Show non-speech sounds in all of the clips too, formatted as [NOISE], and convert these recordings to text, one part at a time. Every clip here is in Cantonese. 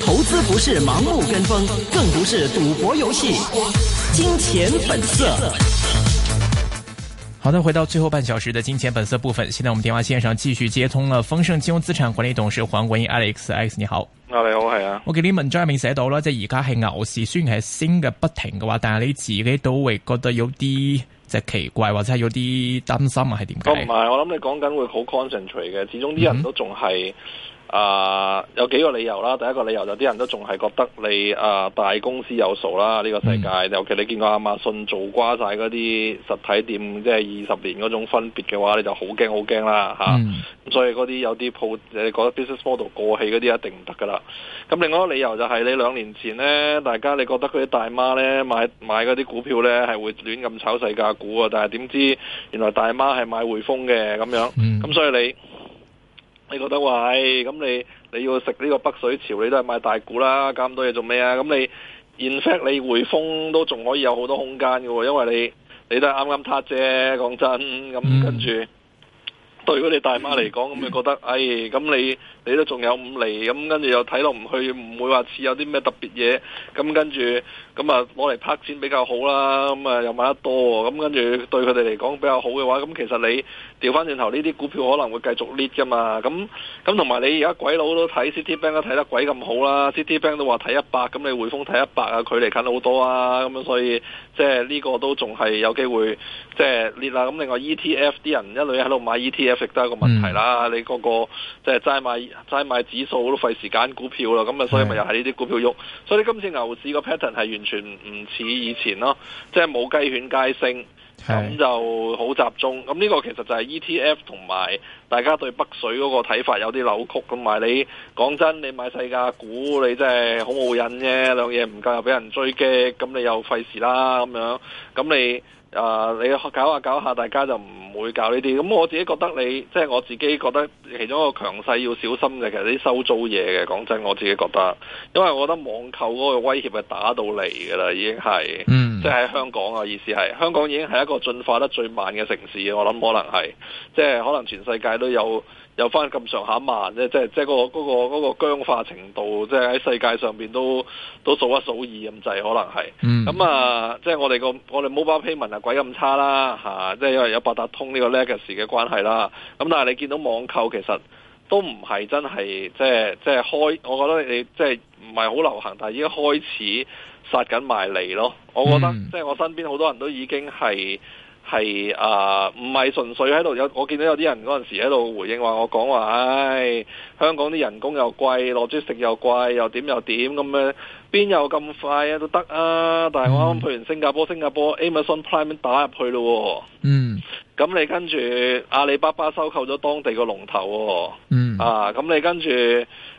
投資不是盲目跟風，更不是賭博遊戲。金錢本色。好的，回到最後半小時的金錢本色部分。現在我們電話線上繼續接通了豐盛金融資產管理董事黃國英 Alex. Alex，你好。啊，你好，係啊。啊我見啲文章入面寫到啦，即係而家係牛市，雖然係升嘅不停嘅話，但係你自己都會覺得有啲。即係奇怪，或者係有啲擔心啊，係點解？我唔係。我諗你講緊會好 concentrate 嘅，始終啲人都仲係。嗯啊，有幾個理由啦。第一個理由有啲人都仲係覺得你啊大公司有數啦。呢、這個世界，嗯、尤其你見過亞馬遜做瓜晒嗰啲實體店，即係二十年嗰種分別嘅話，你就好驚好驚啦吓。咁、啊嗯、所以嗰啲有啲鋪，你覺得 business model 過氣嗰啲一定唔得㗎喇。咁另外一個理由就係你兩年前呢，大家你覺得佢啲大媽呢買買嗰啲股票呢係會亂咁炒細價股啊，但係點知原來大媽係買匯豐嘅咁樣。咁所以你。嗯你覺得話，哎，咁你你要食呢個北水潮，你都係買大股啦，加咁多嘢做咩啊？咁你 in fact，你匯豐都仲可以有好多空間嘅，因為你你都係啱啱撻啫，講真，咁跟住對嗰啲大媽嚟講，咁你覺得，哎，咁你。你都仲有五厘，咁，跟住又睇落唔去，唔會話似有啲咩特別嘢。咁跟住咁啊，攞嚟拍錢比較好啦。咁啊，又買得多，咁跟住對佢哋嚟講比較好嘅話，咁其實你調翻轉頭呢啲股票可能會繼續跌㗎嘛。咁咁同埋你而家鬼佬都睇 Citibank 都睇得鬼咁好啦，Citibank 都話睇一百，咁你匯豐睇一百啊，距離近好多啊。咁樣，所以即係呢個都仲係有機會即係跌啦。咁另外 E T F 啲人一類喺度買 E T F 亦都係一個問題啦。你嗰個即係齋買。齋買指數都費時間股票啦，咁啊，所以咪又係呢啲股票喐，所以今次牛市個 pattern 係完全唔似以前咯，即係冇雞犬皆升。咁是就好集中，咁呢個其實就係 ETF 同埋大家對北水嗰個睇法有啲扭曲，咁埋你講真，你買世界股，你真係好冇癮啫，兩嘢唔夠又俾人追擊，咁你又費事啦咁樣，咁你啊、呃，你搞下、啊、搞下、啊，大家就唔會搞呢啲。咁我自己覺得你，你即係我自己覺得，其中一個強勢要小心嘅，其實啲收租嘢嘅，講真，我自己覺得，因為我覺得網購嗰個威脅係打到嚟噶啦，已經係。即係香港啊！意思係香港已經係一個進化得最慢嘅城市，我諗可能係即係可能全世界都有有翻咁上下慢咧，即係即係嗰、嗰個嗰、嗰個嗰個、僵化程度，即係喺世界上邊都都數一數二咁滯，可能係。咁、嗯嗯、啊，即係我哋、嗰個我哋 mobile payment 啊，鬼咁差啦嚇！即係因為有八達通呢個 legacy 嘅關係啦。咁、啊、但係你見到網購其實都唔係真係即係即係開，我覺得你即係唔係好流行，但係依家開始。殺緊埋嚟咯！我覺得、嗯、即係我身邊好多人都已經係係誒，唔係純粹喺度有，我見到有啲人嗰陣時喺度回應話我講話，唉，香港啲人工又貴，落住食又貴，又點又點咁樣，邊有咁快啊都得啊！但係我啱啱去完新加坡，新加坡 Amazon Prime 打入去咯，嗯，咁、嗯、你跟住阿里巴巴收購咗當地個龍頭，嗯，啊，咁你跟住。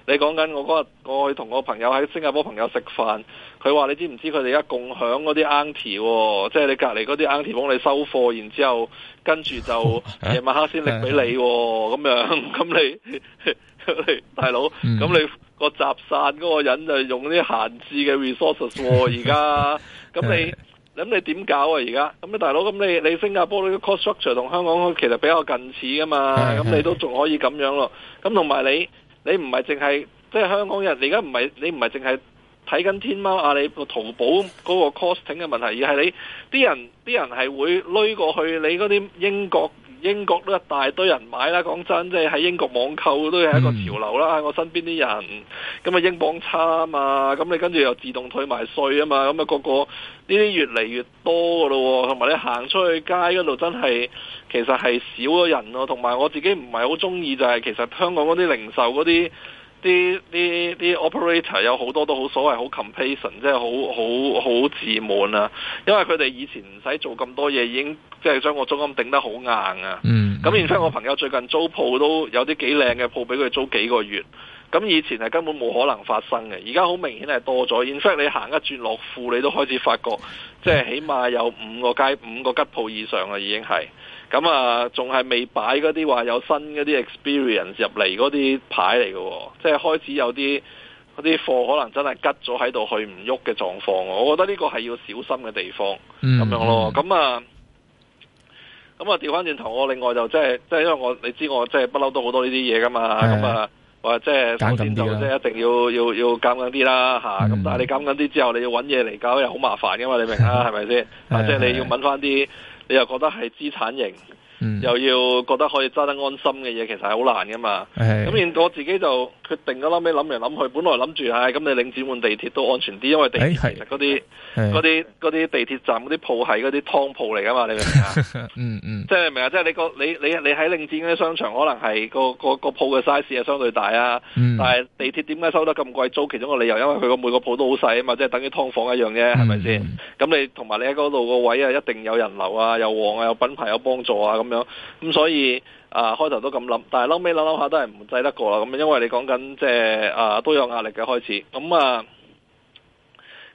你講緊我嗰日，我去同我朋友喺新加坡朋友食飯，佢話：你知唔知佢哋而家共享嗰啲 auntie、哦、即係你隔離嗰啲 auntie 幫你收貨，然之後跟住就夜晚黑先拎俾你咁、哦、樣。咁你， [LAUGHS] 你大佬，咁、嗯、你個集散嗰個人就用啲閒置嘅 resources 喎、哦。而家咁你咁 [LAUGHS] 你點搞 [LAUGHS] 啊？而家咁你大佬，咁你你新加坡嗰啲 cost structure 同香港其實比較近似噶嘛。咁 [LAUGHS] 你都仲可以咁樣咯。咁同埋你。你唔係淨係即係香港人，你而家唔係。你唔係淨係睇緊天貓啊，你個淘寶嗰個 costing 嘅問題，而係你啲人啲人係會攞過去你嗰啲英國。英國都一大堆人買啦，講真，即係喺英國網購都係一個潮流啦。嗯、我身邊啲人，咁啊英鎊差啊嘛，咁你跟住又自動退埋稅啊嘛，咁啊個個呢啲越嚟越多噶咯、哦，同埋你行出去街嗰度真係其實係少咗人咯、哦。同埋我自己唔係好中意就係、是、其實香港嗰啲零售嗰啲。啲啲 operator 有好多都好所謂好 complacent 即係好好好自滿啊！因為佢哋以前唔使做咁多嘢，已經即係將個租金頂得好硬啊！咁、嗯，然之後我朋友最近租鋪都有啲幾靚嘅鋪俾佢租幾個月，咁以前係根本冇可能發生嘅，而家好明顯係多咗。然之後你行一轉樂富，你都開始發覺，即係起碼有五個街五個吉鋪以上啊，已經係。咁啊，仲係、嗯嗯、未擺嗰啲話有新嗰啲 experience 入嚟嗰啲牌嚟嘅、哦，即係開始有啲嗰啲貨可能真係拮咗喺度去唔喐嘅狀況，我覺得呢個係要小心嘅地方，咁、嗯、樣咯。咁、嗯、啊，咁啊調翻轉頭，我另外就即係即係因為我你知我即係不嬲都好多呢啲嘢噶嘛，咁的啊或即係首先就即、是、係一,一定要要要監緊啲啦吓。咁、啊嗯、但係你監緊啲之後，你要揾嘢嚟搞又好麻煩噶嘛，你明啊？係咪先？即係 [LAUGHS] 你要揾翻啲。你又覺得係資產型？又要覺得可以揸得安心嘅嘢，其實係好難噶嘛。咁然我自己就決定咗，諗尾諗嚟諗去，本來諗住係，咁你領展換地鐵都安全啲，因為地鐵其實嗰啲啲啲地鐵站嗰啲鋪係嗰啲湯鋪嚟噶嘛，你明唔明啊？即係明啊！即係你個你你你喺領展嗰啲商場，可能係個個個鋪嘅 size 係相對大啊。但係地鐵點解收得咁貴租？其中個理由因為佢個每個鋪都好細啊嘛，即係等於湯房一樣啫，係咪先？咁你同埋你喺嗰度個位啊，一定有人流啊，又旺啊，有品牌有幫助啊。咁樣，咁、嗯、所以啊開頭都咁諗，但係撈尾諗諗下都係唔制得過啦。咁因為你講緊即係啊都有壓力嘅開始。咁、嗯、啊，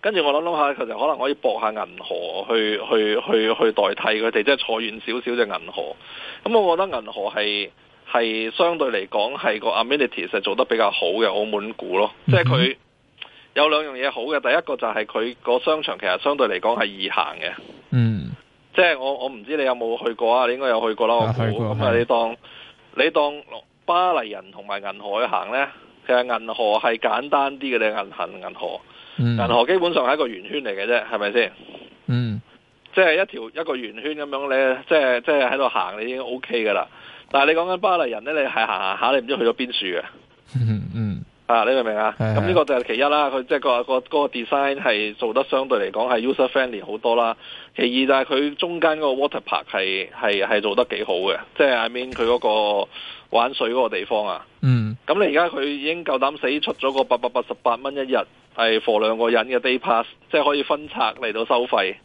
跟住我諗諗下，其實可能可以博下銀河去，去去去去代替佢哋，即係坐遠少少嘅銀河。咁、嗯、我覺得銀河係係相對嚟講係個 amenities 係做得比較好嘅澳門股咯。即係佢有兩樣嘢好嘅，第一個就係佢個商場其實相對嚟講係易行嘅。嗯。即係我我唔知你有冇去過啊？你應該有去過啦，我估。咁啊，你當你當巴黎人同埋銀河去行咧，其實銀河係簡單啲嘅，你銀行銀河，銀河基本上係一個圓圈嚟嘅啫，係咪先？嗯，即係一條一個圓圈咁樣咧，即係即係喺度行，你已經 O K 㗎喇。但係你講緊巴黎人咧，你係行行下，你唔知去咗邊處嘅。嗯嗯啊，你明唔明啊？咁呢、嗯嗯、個就係其一啦。佢即係個個嗰個 design 係做得相對嚟講係 user friendly 好多啦。其二就係佢中間個 water park 係係係做得幾好嘅。即係 I mean 佢嗰個玩水嗰個地方啊。嗯。咁、嗯、你而家佢已經夠膽死出咗個八百八十八蚊一日係 for 兩個人嘅 day pass，即係可以分拆嚟到收費。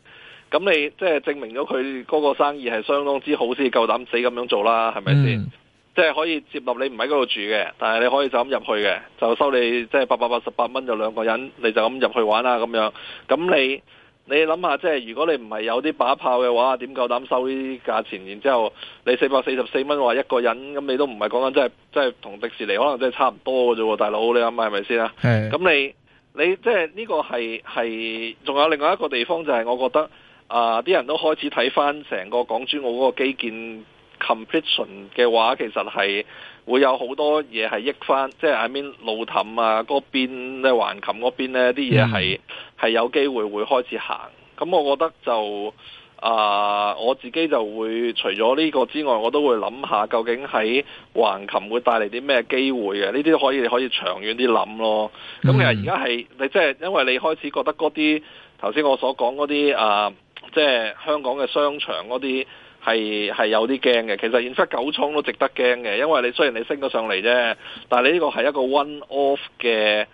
咁你即係證明咗佢嗰個生意係相當之好先夠膽死咁樣做啦，係咪先？嗯即係可以接納你唔喺嗰度住嘅，但係你可以就咁入去嘅，就收你即係八百八十八蚊就兩個人，你就咁入去玩啦咁樣。咁你你諗下，即係如果你唔係有啲把炮嘅話，點夠膽收呢啲價錢？然之後你四百四十四蚊話一個人，咁你都唔係講緊即係即係同迪士尼可能真係差唔多嘅啫喎，大佬你諗下係咪先啊？咁是的 你你即係呢個係係仲有另外一個地方就係我覺得啊啲、呃、人都開始睇翻成個港珠澳嗰個基建。Competition 嘅話，其實係會有好多嘢係益翻，即係 I mean 路氹啊，嗰邊咧，橫琴嗰邊咧，啲嘢係係有機會會開始行。咁、嗯、我覺得就啊、呃，我自己就會除咗呢個之外，我都會諗下究竟喺橫琴會帶嚟啲咩機會嘅？呢啲可以可以長遠啲諗咯。咁、嗯、其實而家係你即係因為你開始覺得嗰啲頭先我所講嗰啲啊，即係香港嘅商場嗰啲。係係有啲驚嘅，其實現時九倉都值得驚嘅，因為你雖然你升咗上嚟啫，但係你呢個係一個 one off 嘅，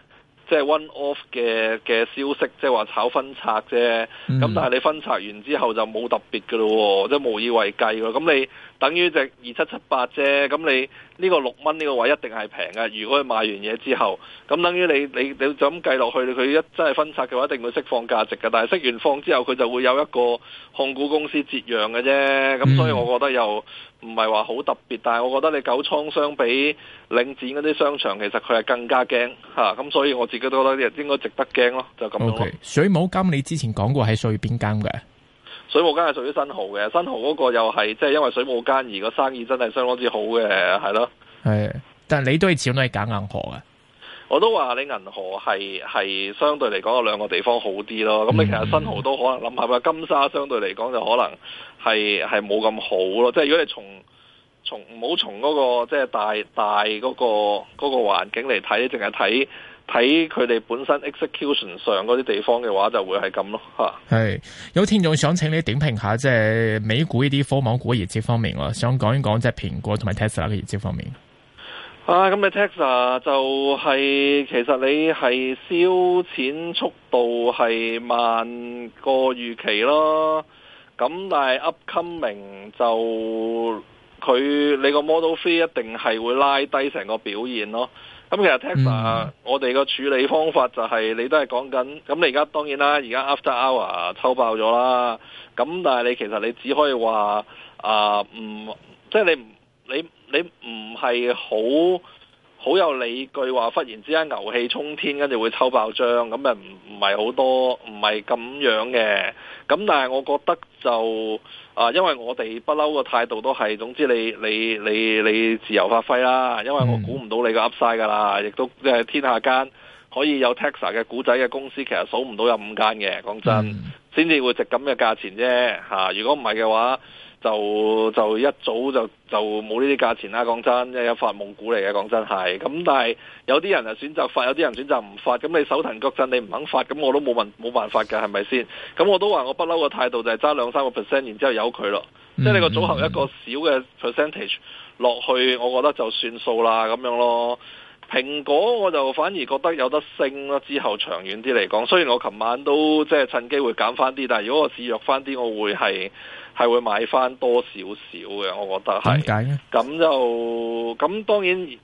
即係 one off 嘅嘅消息，即係話炒分拆啫。咁、嗯、但係你分拆完之後就冇特別噶咯喎，即係無以為繼咯。咁你。等於隻二七七八啫，咁你呢個六蚊呢個位一定係平嘅。如果佢賣完嘢之後，咁等於你你你就咁計落去，佢一真係分拆嘅話，一定會釋放價值嘅。但係釋完放之後，佢就會有一個控股公司折讓嘅啫。咁所以我覺得又唔係話好特別，但係我覺得你九倉相比領展嗰啲商場，其實佢係更加驚嚇。咁、啊、所以我自己都覺得應該值得驚咯，就咁、okay. 水母金你之前講過係屬於邊間嘅？水務間係屬於新豪嘅，新豪嗰個又係即係因為水務間而個生意真係相當之好嘅，係咯。係，但係你始終都都係揀銀河啊！我都話你銀河係係相對嚟講有兩個地方好啲咯。咁你其實新豪都可能諗下，咪金沙相對嚟講就可能係係冇咁好咯。即係如果你從從唔好從嗰個即係大大嗰個嗰個環境嚟睇，淨係睇。睇佢哋本身 execution 上嗰啲地方嘅話，就會係咁咯吓。係有聽眾想請你點評下即係美股呢啲科網股嘅業績方面，我想講一講即係蘋果同埋 Tesla 嘅業績方面。啊，咁嘅 Tesla 就係、是、其實你係燒錢速度係慢過預期咯。咁但係 upcoming 就佢你個 Model 3一定係會拉低成個表現咯。咁其實 Tesla，、er, 嗯、我哋個處理方法就係、是、你都係講緊，咁你而家當然啦，而家 After Hour 抽爆咗啦，咁但係你其實你只可以話啊，唔、呃嗯，即係你，唔，你，你唔係好。好有理據話，忽然之間牛氣沖天，跟住會抽爆張，咁咪唔唔係好多，唔係咁樣嘅。咁但係我覺得就啊、呃，因為我哋不嬲嘅態度都係，總之你你你你自由發揮啦。因為我估唔到你個 Upside 噶啦，亦、嗯、都誒、呃、天下間可以有 Taxa 嘅古仔嘅公司，其實數唔到有五間嘅。講真，先至會值咁嘅價錢啫。吓、啊，如果唔係嘅話。就就一早就就冇呢啲價錢啦！講真，一發夢股嚟嘅，講真係咁。但係有啲人啊選擇發，有啲人選擇唔發。咁你手騰腳震，你唔肯發，咁我都冇問冇辦法㗎，係咪先？咁我都話我不嬲個態度就係揸兩三個 percent，然之後由佢咯。嗯、即係你個組合一個少嘅 percentage 落去，我覺得就算數啦咁樣咯。蘋果我就反而覺得有得升咯。之後長遠啲嚟講，雖然我琴晚都即係趁機會減翻啲，但係如果我試弱翻啲，我會係。係會買翻多少少嘅，我覺得係點解咧？咁就咁，當然你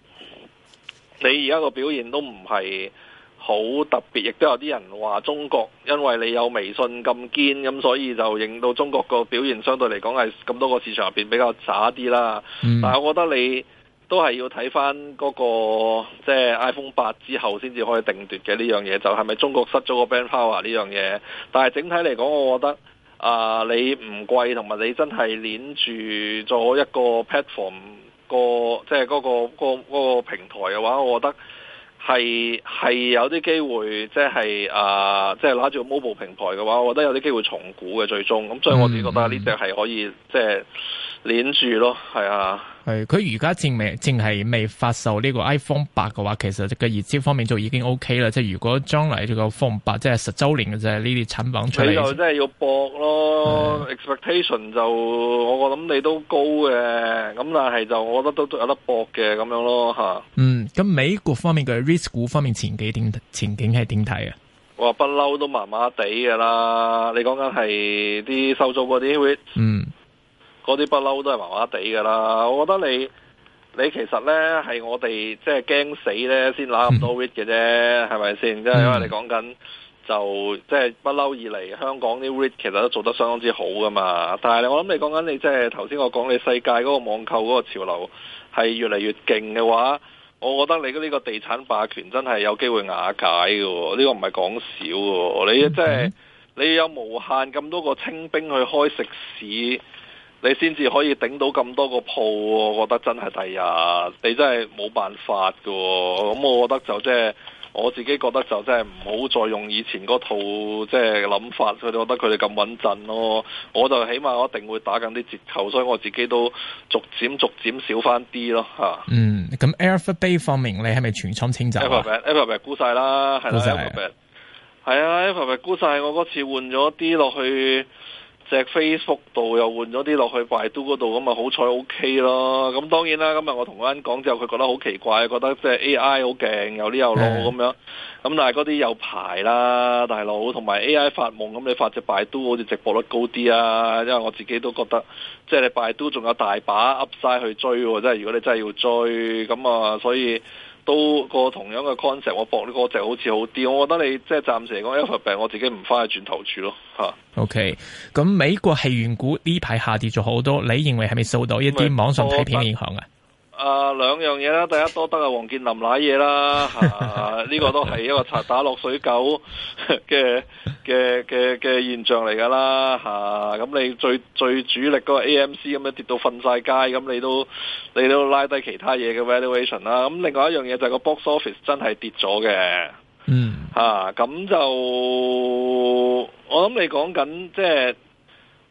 而家個表現都唔係好特別，亦都有啲人話中國因為你有微信咁堅，咁所以就令到中國個表現相對嚟講係咁多個市場入邊比較渣啲啦。嗯、但係我覺得你都係要睇翻嗰個即係、就是、iPhone 8之後先至可以定奪嘅呢樣嘢，就係、是、咪中國失咗個 band power 呢樣嘢？但係整體嚟講，我覺得。啊、呃！你唔貴同埋你真係黏住咗一個 platform 個即係嗰個嗰嗰個個平台嘅話，我覺得係係有啲機會，即係啊，即係攞住 mobile 平台嘅話，我覺得有啲機會重估嘅最終。咁所以我自己覺得呢只係可以即係黏住咯，係啊。係，佢而家正未，正係未發售呢個 iPhone 八嘅話，其實個熱銷方面就已經 OK 啦。即係如果將嚟呢個 iPhone 八即係十週年嘅時候呢啲產品出嚟，你就真係要搏咯。Expectation 的就我我諗你都高嘅，咁但係就我覺得都有得搏嘅咁樣咯嚇。嗯，咁美國方面嘅 risk 股方面前景點？前景係點睇啊？我話不嬲都麻麻地㗎啦，你講緊係啲收租嗰啲 r 嗰啲不嬲都係麻麻地噶啦，我覺得你你其實呢，係我哋即係驚死呢，先攞咁多 REIT 嘅啫，係咪先？即係因為你講緊就即係不嬲以嚟香港啲 REIT 其實都做得相當之好噶嘛。但係我諗你講緊你即係頭先我講你世界嗰個網購嗰個潮流係越嚟越勁嘅話，我覺得你呢個地產霸權真係有機會瓦解嘅。呢個唔係講少嘅，你即係你有無限咁多個清兵去開食肆。你先至可以頂到咁多個鋪，我覺得真係第日，你真係冇辦法嘅。咁、嗯、我覺得就即係我自己覺得就真係唔好再用以前嗰套即係諗法。佢哋覺得佢哋咁穩陣咯。我就起碼我一定會打緊啲折扣，所以我自己都逐漸逐漸少翻啲咯嚇。啊、嗯，咁 Airfare 杯方面，你係咪全倉清走啊？Airfare 杯，Airfare 杯沽曬啦，係啦，Airfare 杯係啊，Airfare 杯、嗯啊、沽曬。我嗰次換咗啲落去。只 Facebook 度又換咗啲落去拜都嗰度，咁啊好彩 OK 咯。咁當然啦，今日我同嗰人講之後，佢覺得好奇怪，覺得即係 AI 好勁，有呢有路咁樣。咁但係嗰啲有排啦，大佬，同埋 AI 發夢，咁你發只拜都好似直播率高啲啊。因為我自己都覺得，即係你拜都仲有大把 Upside 去追，即係如果你真係要追，咁啊所以。都個同樣嘅 concept，我搏呢個隻好似好啲，我覺得你即係暫時嚟講，一忽病我自己唔翻去轉頭住咯嚇。OK，咁美國戲院股呢排下跌咗好多，你認為係咪受到一啲網上睇片嘅影響啊？啊，兩樣嘢啦，第一多得啊，王健林瀨嘢啦，吓、啊、呢 [LAUGHS] 個都係一個茶打，打落水狗嘅嘅嘅嘅現象嚟噶啦，吓、啊、咁你最最主力嗰個 AMC 咁樣跌到瞓晒街，咁你都你都拉低其他嘢嘅 valuation 啦、啊，咁另外一樣嘢就係個 box office 真係跌咗嘅，嗯，吓咁、啊、就我諗你講緊即係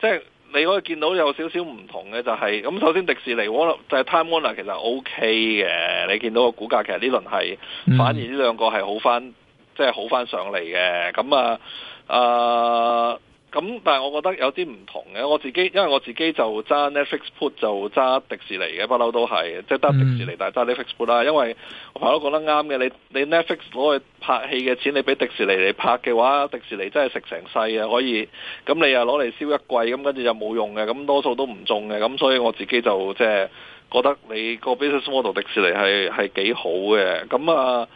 即係。你可以見到有少少唔同嘅就係、是，咁首先迪士尼，就係、是、Time Warner 其實 OK 嘅，你見到個股價其實呢輪係，嗯、反而呢兩個係好返，即、就、係、是、好返上嚟嘅，咁啊啊。呃咁、嗯、但係我覺得有啲唔同嘅，我自己因為我自己就揸 Netflix put 就揸迪士尼嘅，不嬲都係，即係揸迪士尼，但係揸啲 Netflix 啦，因為我朋友都覺得啱嘅，你你 Netflix 攞去拍戲嘅錢，你俾迪士尼嚟拍嘅話，迪士尼真係食成世呀可以，咁你又攞嚟燒一季，咁跟住又冇用嘅，咁多數都唔中嘅，咁所以我自己就即係覺得你個 business model 迪士尼係係幾好嘅，咁啊。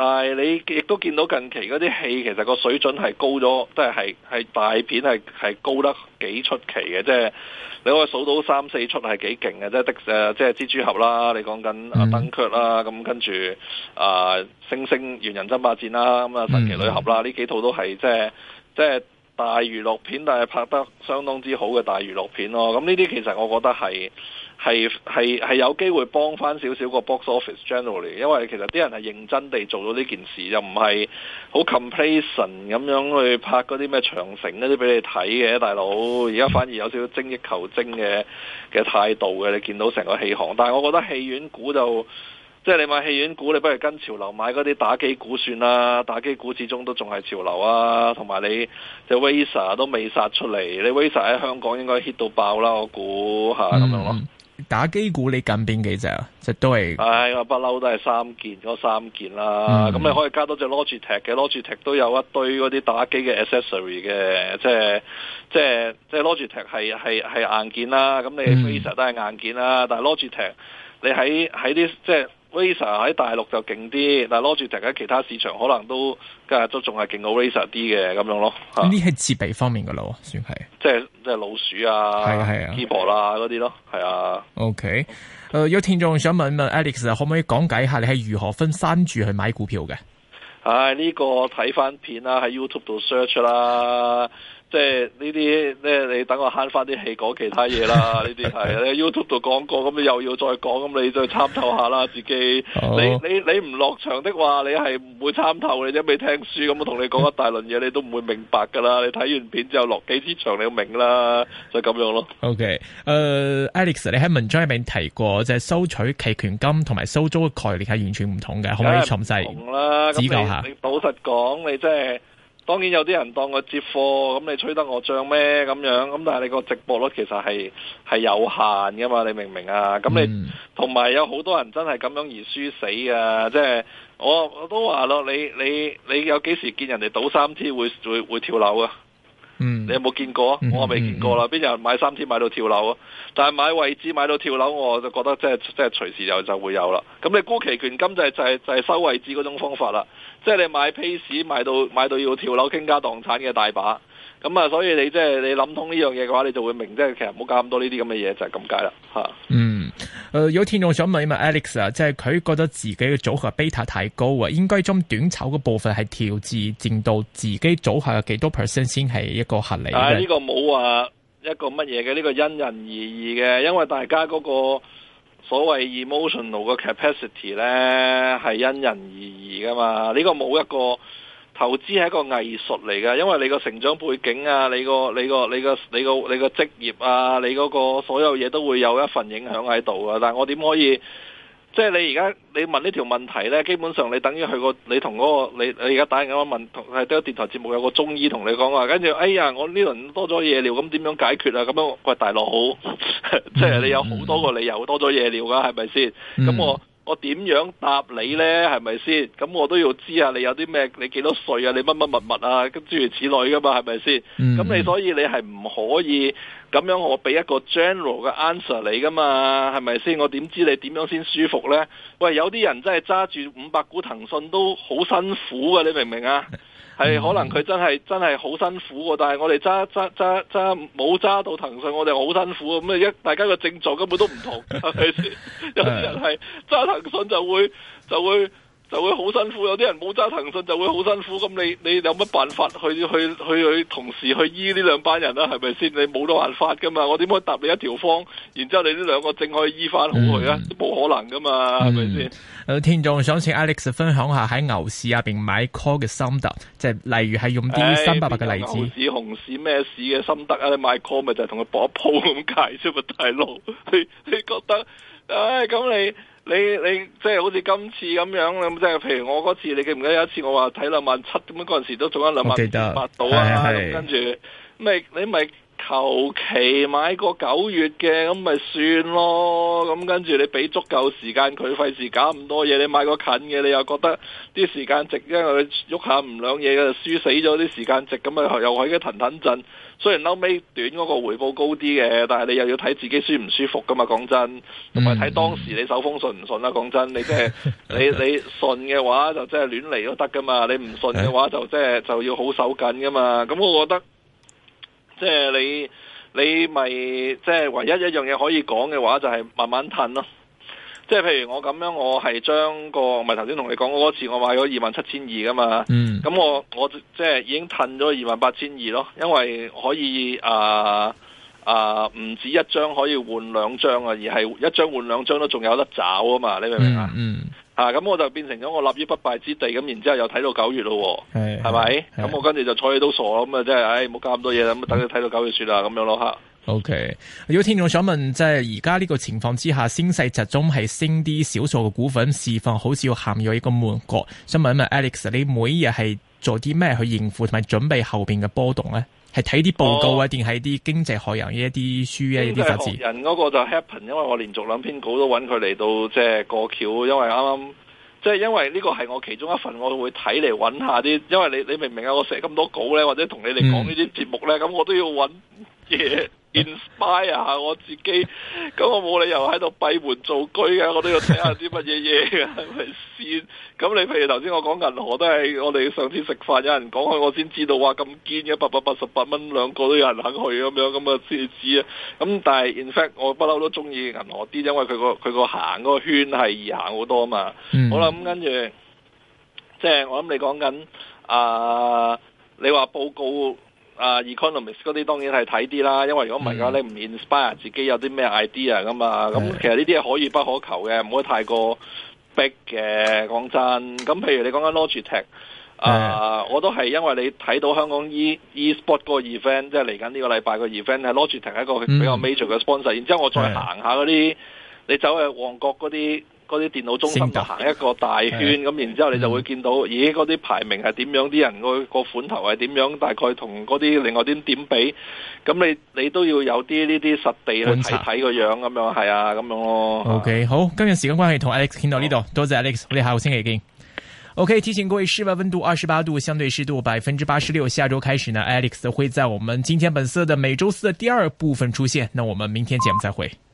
但係你亦都見到近期嗰啲戲其實個水準係高咗，即係係係大片係係高得幾出奇嘅，即係你可以數到三四出係幾勁嘅，即係的誒，即係蜘蛛俠啦，你講緊啊登卻啦，咁跟住啊、呃、星星猿人爭霸戰啦，咁啊神奇女俠啦，呢幾套都係即係即係大娛樂片，但係拍得相當之好嘅大娛樂片咯。咁呢啲其實我覺得係。係係係有機會幫翻少少個 box office generally，因為其實啲人係認真地做到呢件事，又唔係好 complacent 咁樣去拍嗰啲咩長城嗰啲俾你睇嘅，大佬而家反而有少少精益求精嘅嘅態度嘅，你見到成個戲行。但係我覺得戲院股就即係你買戲院股，你不如跟潮流買嗰啲打機股算啦，打機股始終都仲係潮流啊，同埋你就 Visa 都未殺出嚟，你 Visa 喺香港應該 hit 到爆啦，我估吓，咁、嗯、樣咯。打機股你揀邊幾隻啊？即係都係，唉、哎，不嬲都係三件嗰三件啦。咁、嗯、你可以加多隻 Logitech 嘅 Logitech 都有一堆嗰啲打機嘅 accessory 嘅，即係即係即係 Logitech 係係係硬件啦。咁你 Face 都係硬件啦，但係 Logitech 你喺喺啲即係。Razer 喺大陸就勁啲，但係攞住定喺其他市場可能都，今日都仲係勁過 Razer 啲嘅咁樣咯。呢啲係設備方面嘅咯，算係，即係即係老鼠啊，keyboard 啦嗰啲咯，係啊。OK，誒、呃，有聽眾想問一問 Alex，可唔可以講解下你係如何分三注去買股票嘅？啊、這個，呢個睇翻片啦，喺 YouTube 度 search 啦。即係呢啲，即係你,你等我慳翻啲氣講其他嘢啦。呢啲係咧 YouTube 度講過，咁你又要再講，咁你再參透下啦。自己好你你你唔落場的話，你係唔會參透你一味聽書，咁我同你講一大輪嘢， [LAUGHS] 你都唔會明白噶啦。你睇完片之後落幾支場，你就明啦。就咁樣咯。OK，誒，Alex，你喺文章入面提過，即係收取期權金同埋收租嘅概念係完全唔同嘅，可唔可以詳細指教下？老實講，你即係。當然有啲人當我接貨，咁你吹得我漲咩咁樣？咁但係你個直播率其實係係有限㗎嘛？你明唔明啊？咁你同埋、嗯、有好多人真係咁樣而輸死啊！即係我我都話咯，你你你有幾時見人哋賭三 T 會會會跳樓啊、嗯嗯？嗯，你有冇見過啊？我未見過啦。邊有人買三 T 買到跳樓啊？但係買位置買到跳樓，我就覺得即係即係隨時有就會有啦。咁你沽期權金就係、是、就係、是、就係、是、收位置嗰種方法啦。即係你買 Pace 買到買到要跳樓傾家蕩產嘅大把，咁、嗯、啊，所以你即係、就是、你諗通呢樣嘢嘅話，你就會明，即係其實唔好搞咁多呢啲咁嘅嘢就係咁解啦吓。啊、嗯，誒、呃，有聽眾想問啊，Alex 啊，即係佢覺得自己嘅組合 Beta 太高啊，應該將短炒嘅部分係調至佔到自己組合有幾多 percent 先係一個合理呢？啊啊這個冇話一個乜嘢嘅，呢、這個因人而異嘅，因為大家嗰、那個。所謂 emotional 嘅 capacity 呢，係因人而異噶嘛，呢個冇，一個投資係一個藝術嚟噶，因為你個成長背景啊，你個你個你個你個你個職業啊，你嗰個所有嘢都會有一份影響喺度噶，但係我點可以？即係你而家你問呢條問題咧，基本上你等於去你、那個你同嗰個你你而家打電話問，係都有電台節目有個中醫同你講話，跟住哎呀我呢輪多咗嘢尿，咁點樣解決啊？咁樣喂大佬，好、嗯，即係 [LAUGHS] 你有好多個理由多咗嘢尿噶，係咪先？咁我我點樣答你咧？係咪先？咁我都要知啊！你有啲咩？你幾多歲啊？你乜乜物物啊？咁諸如此類噶嘛？係咪先？咁你所以你係唔可以？咁樣我俾一個 general 嘅 answer 你㗎嘛，係咪先？我點知你點樣先舒服呢？喂，有啲人真係揸住五百股騰訊都好辛苦嘅，你明唔明啊？係可能佢真係真係好辛苦嘅，但係我哋揸揸揸揸冇揸到騰訊，我哋好辛苦咁啊！一大家嘅症狀根本都唔同，係咪先？有啲人係揸騰訊就會就會。就會好辛苦，有啲人冇揸騰訊就會好辛苦，咁你你有乜辦法去去去去同時去醫呢兩班人啊？係咪先？你冇得辦法噶嘛？我點可以答你一條方，然之後你呢兩個正可以醫翻好佢啊？都冇、嗯、可能噶嘛？係咪先？誒、嗯，聽眾想請 Alex 分享下喺牛市入邊買 call 嘅心得，即、就、係、是、例如係用啲三百八嘅例子。哎、市紅市咩市嘅心得啊？你買 call 咪就係同佢搏一鋪咁解啫？嘛。大佬，你你覺得？唉、哎，咁你。你你即係好似今次咁樣咁，即係譬如我嗰次，你記唔記得有一次我話睇兩萬七咁樣嗰陣時都仲有兩萬八到啊，跟住咪你咪。你求其買個九月嘅，咁咪算咯。咁跟住你俾足夠時間佢，費事搞咁多嘢。你買個近嘅，你又覺得啲時間值，因為佢喐下唔兩嘢嘅，就輸死咗啲時間值咁啊，又喺度騰騰震。雖然嬲尾短嗰個回報高啲嘅，但係你又要睇自己舒唔舒服噶嘛。講真，同埋睇當時你手風順唔順啦、啊。講真，你即係 [LAUGHS] 你你順嘅話，就即係亂嚟都得噶嘛。你唔順嘅話，就即係就要好手緊噶嘛。咁我覺得。即係你，你咪即係唯一一樣嘢可以講嘅話，就係慢慢褪咯、啊。即係譬如我咁樣，我係將個咪頭先同你講過嗰次我 27,、嗯我，我買咗二萬七千二㗎嘛。咁我我即係已經褪咗二萬八千二咯，因為可以啊啊，唔、呃呃、止一張可以換兩張啊，而係一張換兩張都仲有得找啊嘛。你明唔明啊？嗯嗯啊！咁我就變成咗我立於不敗之地，咁然之後又睇到九月咯，係係咪？咁吧是我跟住就坐喺度傻咯，咁啊真係，唉、哎，冇搞咁多嘢啦，咁等佢睇到九月雪啦，咁樣咯吓。OK，如果聽眾想問，即係而家呢個情況之下，升勢集中係升啲少數嘅股份，市況好似要陷入一個悶局。想問一問 Alex，你每日係做啲咩去應付同埋準備後邊嘅波動咧？係睇啲報告啊，定係啲經濟學人呢一啲書啊，呢啲雜誌。人嗰個就 happen，因為我連續兩篇稿都揾佢嚟到即係、就是、過橋，因為啱啱即係因為呢個係我其中一份，我會睇嚟揾下啲，因為你你明唔明啊？我寫咁多稿咧，或者同你哋講呢啲節目咧，咁、嗯、我都要揾嘢，inspire 下我自己，咁我冇理由喺度閉門造車嘅，我都要睇下啲乜嘢嘢，係咪先？咁你譬如頭先我講銀河都係，我哋上次食飯有人講開，我先知道話咁堅嘅，八百八十八蚊兩個都有人肯去咁樣，咁啊先知啊。咁但係 in fact 我不嬲都中意銀河啲，因為佢個佢個行嗰個圈係易行好多啊嘛。嗯、好啦，咁跟住，即係我諗你講緊啊，你話報告。啊、uh，Economist 嗰啲當然係睇啲啦，因為如果唔係嘅話，你唔 inspire 自己有啲咩 idea 㗎嘛。咁、mm hmm. 嗯、其實呢啲係可遇不可求嘅，唔可以太過逼嘅講真。咁譬如你講緊 Logitech 啊、呃，mm hmm. 我都係因為你睇到香港 e e sport 個 event，即係嚟緊呢個禮拜個 event 係 Logitech 係一個比較 major 嘅 sponsor，然之後、mm hmm. 我再行下嗰啲，mm hmm. 你走去旺角嗰啲。嗰啲電腦中心就導行一個大圈，咁、嗯、然之後你就會見到，咦嗰啲排名係點樣？啲人、那個款頭係點樣？大概同嗰啲另外啲點比？咁你你都要有啲呢啲實地去睇睇個樣咁差樣，係啊咁樣咯。OK，好，今日時間關係同 Alex 傾到呢度，好多謝 Alex，你好，thank o k 提醒各位室外溫度二十八度，相對濕度百分之八十六。下周開始呢，Alex 會在我們今天本色的每周四的第二部分出現。那我們明天節目再會。 [NOISE]